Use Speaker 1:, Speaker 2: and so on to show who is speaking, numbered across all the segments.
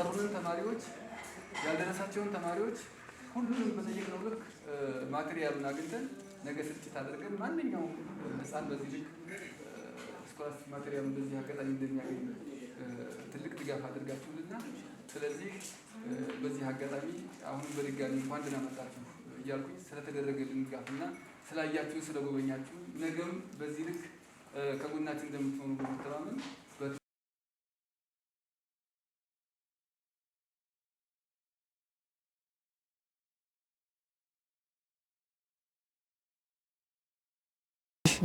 Speaker 1: የቀሩንን ተማሪዎች ያልደረሳቸውን ተማሪዎች ሁሉንም በጠየቅነው ልክ ማቴሪያሉን አግኝተን ነገ ስርጭት አድርገን ማንኛውም ህፃን በዚህ ልክ ስኮላስቲክ ማቴሪያሉን በዚህ አጋጣሚ እንደሚያገኝ ትልቅ ድጋፍ አድርጋችሁልና ስለዚህ በዚህ አጋጣሚ አሁን በድጋሚ እንኳን ደህና መጣችሁ እያልኩኝ ስለተደረገልን ድጋፍና ስላያችሁ ስለጎበኛችሁ ነገም በዚህ ልክ ከጎናችን እንደምትሆኑ በመተማመን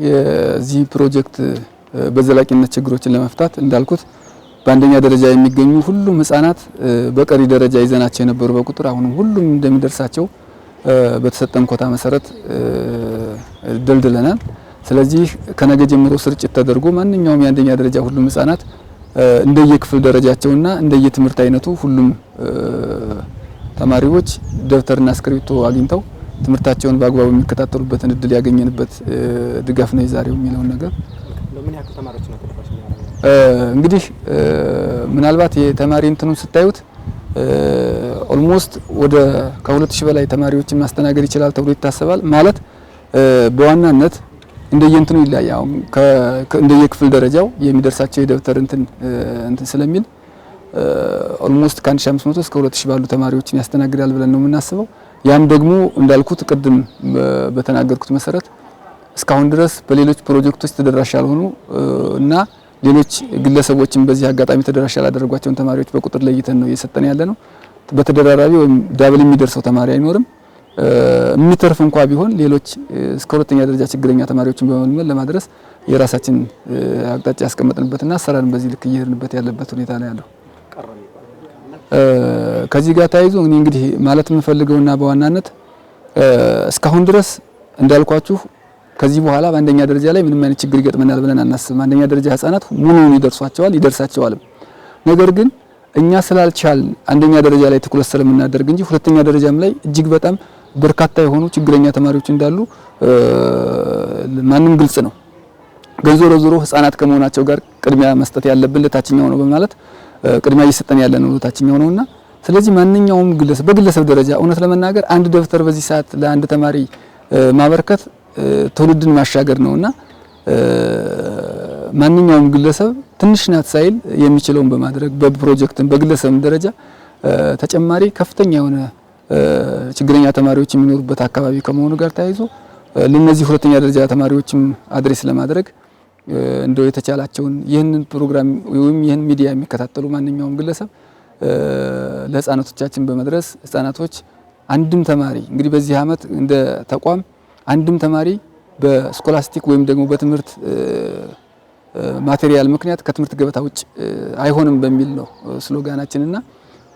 Speaker 1: የዚህ ፕሮጀክት በዘላቂነት ችግሮችን ለመፍታት እንዳልኩት በአንደኛ ደረጃ የሚገኙ ሁሉም ህጻናት በቀሪ ደረጃ ይዘናቸው የነበሩ በቁጥር አሁንም ሁሉም እንደሚደርሳቸው በተሰጠን ኮታ መሰረት ደልድለናል። ስለዚህ ከነገ ጀምሮ ስርጭት ተደርጎ ማንኛውም የአንደኛ ደረጃ ሁሉም ህጻናት እንደየክፍል ደረጃቸውና እንደየትምህርት አይነቱ ሁሉም ተማሪዎች ደብተርና እስክሪብቶ አግኝተው ትምህርታቸውን በአግባቡ የሚከታተሉበትን እድል ያገኘንበት ድጋፍ ነው የዛሬው የሚለውን ነገር እንግዲህ ምናልባት የተማሪ እንትኑን ስታዩት ኦልሞስት ወደ ከሁለት 2000 በላይ ተማሪዎችን ማስተናገድ ይችላል ተብሎ ይታሰባል። ማለት በዋናነት እንደየእንትኑ ይለያል። እንደየክፍል ደረጃው የሚደርሳቸው የደብተር እንትን እንትን ስለሚል ኦልሞስት ከ1500 እስከ 2000 ባሉ ተማሪዎችን ያስተናግዳል ብለን ነው የምናስበው። ያም ደግሞ እንዳልኩት ቅድም በተናገርኩት መሰረት እስካሁን ድረስ በሌሎች ፕሮጀክቶች ተደራሽ ያልሆኑ እና ሌሎች ግለሰቦችን በዚህ አጋጣሚ ተደራሽ ያላደረጓቸውን ተማሪዎች በቁጥር ለይተን ነው እየሰጠን ያለ ነው። በተደራራቢ ወይም ዳብል የሚደርሰው ተማሪ አይኖርም። የሚተርፍ እንኳ ቢሆን ሌሎች እስከ ሁለተኛ ደረጃ ችግረኛ ተማሪዎችን በመልመል ለማድረስ የራሳችን አቅጣጫ ያስቀመጥንበትና ሰራን በዚህ ልክ እየሄድንበት ያለበት ሁኔታ ነው ያለው። ከዚህ ጋር ተያይዞ እኔ እንግዲህ ማለት የምፈልገውና በዋናነት እስካሁን ድረስ እንዳልኳችሁ ከዚህ በኋላ በአንደኛ ደረጃ ላይ ምንም አይነት ችግር ይገጥመናል ብለን አናስብም። አንደኛ ደረጃ ህጻናት ሙሉውን ይደርሷቸዋል ይደርሳቸዋልም። ነገር ግን እኛ ስላልቻል አንደኛ ደረጃ ላይ ትኩረት ስለምናደርግ እንጂ ሁለተኛ ደረጃም ላይ እጅግ በጣም በርካታ የሆኑ ችግረኛ ተማሪዎች እንዳሉ ማንም ግልጽ ነው። ግን ዞሮ ዞሮ ህጻናት ከመሆናቸው ጋር ቅድሚያ መስጠት ያለብን ለታችኛው ነው በማለት ቅድሚያ እየሰጠን ያለ ነው ለታችኛው ነውና ስለዚህ ማንኛውም ግለሰብ በግለሰብ ደረጃ እውነት ለመናገር አንድ ደብተር በዚህ ሰዓት ለአንድ ተማሪ ማበርከት ትውልድን ማሻገር ነውና ማንኛውም ግለሰብ ትንሽ ናት ሳይል የሚችለውን በማድረግ በፕሮጀክትን በግለሰብም ደረጃ ተጨማሪ ከፍተኛ የሆነ ችግረኛ ተማሪዎች የሚኖሩበት አካባቢ ከመሆኑ ጋር ተያይዞ ለነዚህ ሁለተኛ ደረጃ ተማሪዎችም አድሬስ ለማድረግ እንደው የተቻላቸውን ይህንን ፕሮግራም ወይም ይህን ሚዲያ የሚከታተሉ ማንኛውም ግለሰብ ለህፃናቶቻችን በመድረስ ህፃናቶች አንድም ተማሪ እንግዲህ በዚህ ዓመት እንደ ተቋም አንድም ተማሪ በስኮላስቲክ ወይም ደግሞ በትምህርት ማቴሪያል ምክንያት ከትምህርት ገበታ ውጭ አይሆንም በሚል ነው ስሎጋናችንና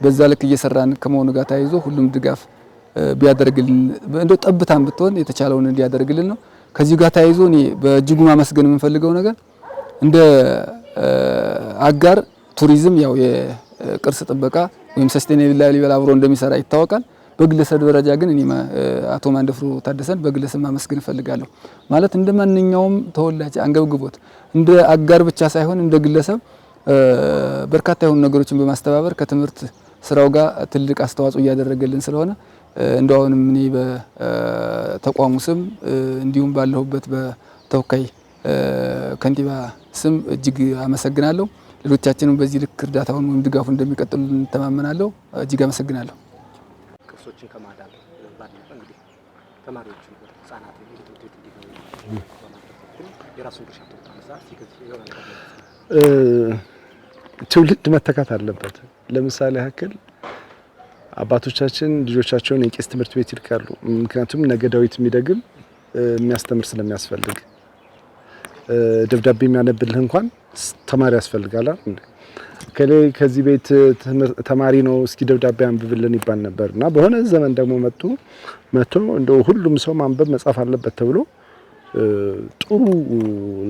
Speaker 1: በዛ ልክ እየሰራን ከመሆኑ ጋር ተያይዞ ሁሉም ድጋፍ ቢያደርግልን እንደ ጠብታም ብትሆን የተቻለውን እንዲያደርግልን ነው። ከዚህ ጋር ተያይዞ እኔ በእጅጉ ማመስገን የምንፈልገው ነገር እንደ አጋር ቱሪዝም ያው የቅርስ ጥበቃ ወይም ሰስቴናብል ላሊበላ አብሮ እንደሚሰራ ይታወቃል። በግለሰብ ደረጃ ግን እኔ አቶ ማንደፍሮ ታደሰን በግለሰብ ማመስገን እፈልጋለሁ። ማለት እንደ ማንኛውም ተወላጅ አንገብግቦት እንደ አጋር ብቻ ሳይሆን እንደ ግለሰብ በርካታ የሆኑ ነገሮችን በማስተባበር ከትምህርት ስራው ጋር ትልቅ አስተዋጽኦ እያደረገልን ስለሆነ እንደ አሁንም እኔ በተቋሙ ስም እንዲሁም ባለሁበት በተወካይ ከንቲባ ስም እጅግ አመሰግናለሁ። ሌሎቻችንም በዚህ ልክ እርዳታውን ወይም ድጋፉን እንደሚቀጥሉ እንተማመናለሁ። እጅግ አመሰግናለሁ። ቅርሶችን ከማዳን ባለፈ እንግዲህ ህጻናት ትምህርት ቤት
Speaker 2: እንዲገቡ የራሱን ድርሻ ተወጣ ትውልድ መተካት አለበት። ለምሳሌ ያክል አባቶቻችን ልጆቻቸውን የቄስ ትምህርት ቤት ይልካሉ። ምክንያቱም ነገ ዳዊት የሚደግም የሚያስተምር ስለሚያስፈልግ ደብዳቤ የሚያነብልህ እንኳን ተማሪ ያስፈልጋል። ከሌ ከዚህ ቤት ተማሪ ነው እስኪ ደብዳቤ አንብብልን ይባል ነበር እና በሆነ ዘመን ደግሞ መጡ መቶ እንደ ሁሉም ሰው ማንበብ መጻፍ አለበት ተብሎ ጥሩ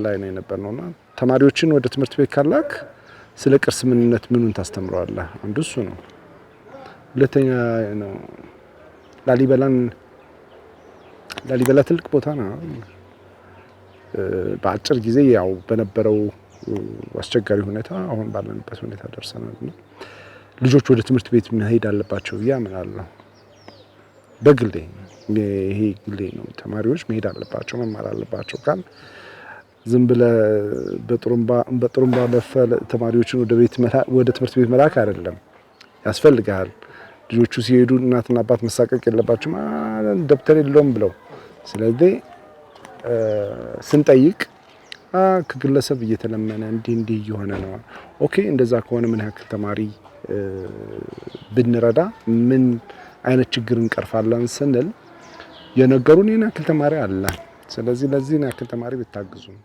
Speaker 2: ላይ ነው የነበር ነውና ተማሪዎችን ወደ ትምህርት ቤት ካላክ ስለ ቅርስ ምንነት ምኑን ታስተምረዋለህ? አንዱ እሱ ነው። ሁለተኛ ነው ላሊበላን ላሊበላ ትልቅ ቦታ ነው። በአጭር ጊዜ ያው በነበረው አስቸጋሪ ሁኔታ አሁን ባለንበት ሁኔታ ደርሰናል እና ልጆች ወደ ትምህርት ቤት መሄድ አለባቸው ብዬ አምናለሁ። በግሌ ይሄ ግሌ ነው። ተማሪዎች መሄድ አለባቸው መማር አለባቸው ካል ዝም ብለ በጥሩምባ ለፈህ ተማሪዎችን ወደ ትምህርት ቤት መላክ አይደለም፣ ያስፈልግሃል። ልጆቹ ሲሄዱ እናትና አባት መሳቀቅ የለባቸው ደብተር የለውም ብለው ስለዚህ ስንጠይቅ ከግለሰብ እየተለመነ እንዲህ እንዲህ እየሆነ ነው። ኦኬ እንደዛ ከሆነ ምን ያክል ተማሪ ብንረዳ ምን አይነት ችግር እንቀርፋለን ስንል የነገሩን ይህን ያክል ተማሪ አለ፣ ስለዚህ ለዚህን ያክል ተማሪ ብታግዙም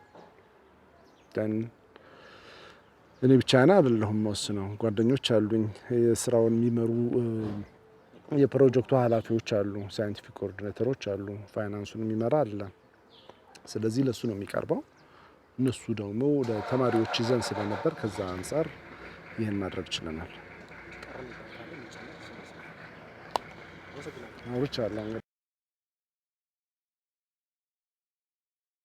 Speaker 2: እኔ ብቻ ና አይደለሁም ወስነው፣ ጓደኞች አሉኝ። የስራውን የሚመሩ የፕሮጀክቱ ኃላፊዎች አሉ፣ ሳይንቲፊክ ኮኦርዲኔተሮች አሉ፣ ፋይናንሱን የሚመራ አለ። ስለዚህ ለእሱ ነው የሚቀርበው። እነሱ ደግሞ ተማሪዎች ይዘን ስለነበር ከዛ አንጻር ይህን ማድረግ ችለናል። አውርቻለሁ።